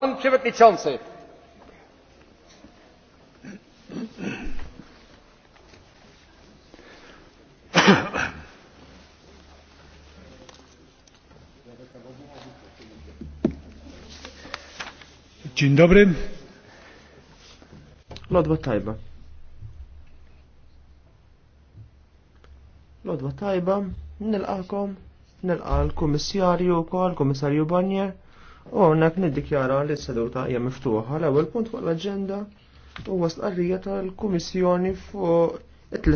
Pan Przewodniczący. Dzień dobry. Lodwa tajba. Lodwa tajba, nilqakom, nilqa l-Kummissarju wkoll, Kummissarju Barnier. U għonek niddikjara li s-seduta hija miftuħa l-ewwel punt fuq l-aġenda huwa stqarrija tal-Kummissjoni fuq it